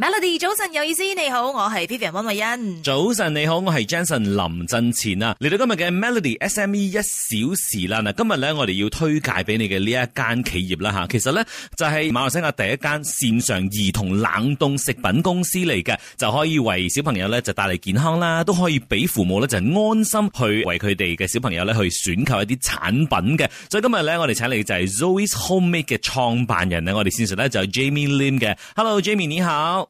Melody 早晨有意思，你好，我係 Vivian 溫慧欣。早晨你好，我係 Jensen 林振前啊！嚟到今日嘅 Melody SME 一小時啦，今日咧我哋要推介俾你嘅呢一間企業啦吓，其實咧就係馬來西亞第一間線上兒童冷凍食品公司嚟嘅，就可以為小朋友咧就帶嚟健康啦，都可以俾父母咧就安心去為佢哋嘅小朋友咧去選購一啲產品嘅。所以今日咧我哋請嚟就係 Zoe’s Homemade 嘅創辦人咧，我哋線上咧就係 Jamie Lim 嘅。Hello，Jamie 你好。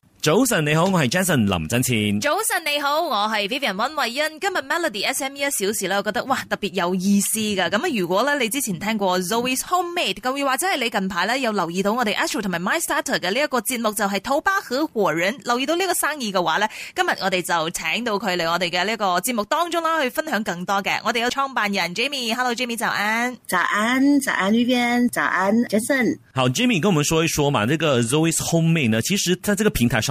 早晨你好，我係 Jason 林振前。早晨你好，我係 Vivian 溫慧欣。今日 Melody S M E 一小時咧，我覺得哇特別有意思噶。咁啊如果咧你之前聽過 Zoe's Homemade，咁又或者係你近排咧有留意到我哋 Ashley 同埋 My Starter 嘅呢一個節目，就是，就係土巴合伙人。留意到呢個生意嘅話咧，今日我哋就請到佢嚟我哋嘅呢個節目當中啦，去分享更多嘅。我哋有創辦人 Jimmy，Hello Jimmy，早安，早安，早安邊，早安 Vivian，早安 Jason。好，Jimmy 跟我們說一說嘛，呢、這個 Zoe's Homemade 呢，其實在這個平台上。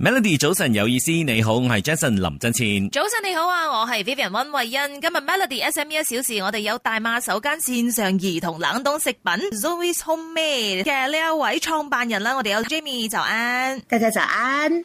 Melody 早晨有意思，你好，我係 Jason 林振千。早晨你好啊，我係 Vivian 温慧欣。今日 Melody S M E 一小時，我哋有大馬首間線上兒童冷凍食品 Zoe's Homemade 嘅呢一位創辦人啦，我哋有 Jimmy 早安，大家早安。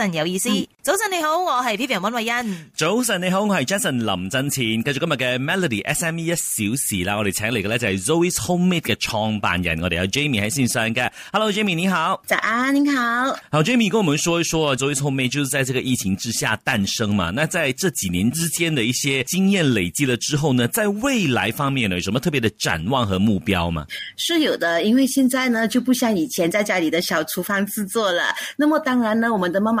有意思。嗯、早晨你好，我係 Pierre 温慧欣。早晨你好，我係 Jason 林振前。繼續今日嘅 Melody S M E 一小時啦。我哋請嚟嘅呢就係 Zoe’s Homemade 嘅創辦人，我哋有 Jamie 喺線上嘅。Hello，Jamie 你好。早安，你好。好，Jamie 跟我們說一說，Zoe’s Homemade 就是在這個疫情之下誕生嘛。那在這幾年之間的一些經驗累積了之後呢，在未來方面呢，有什麼特別的展望和目標嗎？是有的，因為現在呢就不像以前在家裡的小廚房製作了。那麼當然呢，我們的媽媽。